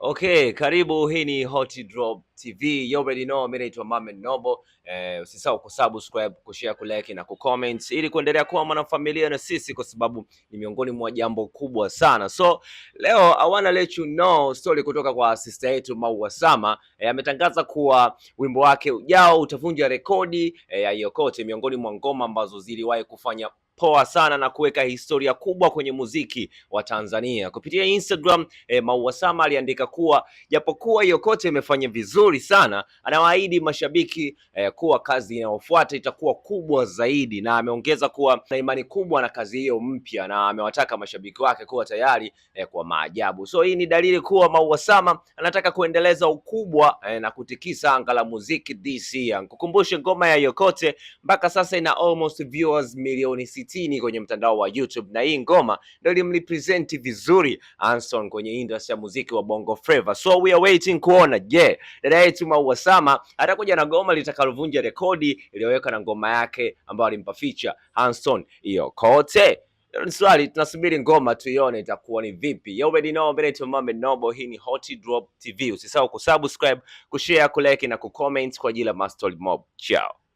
Okay, karibu. Hii ni Hot Drop TV. You already know, mimi naitwa Mame Nobo. Eh, usisahau kusubscribe, kushare, kulike na kucomment ili kuendelea kuwa mwanafamilia na sisi, kwa sababu ni miongoni mwa jambo kubwa sana. So leo I wanna let you know story kutoka kwa sister yetu Maua Sama. Eh, ametangaza kuwa wimbo wake ujao utavunja rekodi eh, ya Iokote, miongoni mwa ngoma ambazo ziliwahi kufanya poa sana na kuweka historia kubwa kwenye muziki wa Tanzania. Kupitia Instagram e, Maua Sama aliandika kuwa japokuwa Yokote imefanya vizuri sana, anawaahidi mashabiki e, kuwa kazi inayofuata itakuwa kubwa zaidi, na ameongeza kuwa na imani kubwa na kazi hiyo mpya, na amewataka mashabiki wake kuwa tayari e, kwa maajabu. So hii ni dalili kuwa Maua Sama anataka kuendeleza ukubwa e, na kutikisa anga la muziki this year. Kukumbushe ngoma ya Yokote mpaka sasa ina almost viewers milioni sitini kwenye mtandao wa YouTube, na hii ngoma ndio ilimrepresent vizuri Anson kwenye industry ya muziki wa Bongo Flava. So we are waiting kuona je, yeah, dada yetu Maua Sama atakuja na goma litakalovunja rekodi iliyoweka na ngoma yake ambayo alimpa feature hiyo kote Ni swali tunasubiri ngoma tuione itakuwa ni vipi. You already know, Nobo, hii ni Hot Drop TV. Usisahau kusubscribe, kushare, kulike na kucomment kwa ajili ya Mastol Mob. Ciao.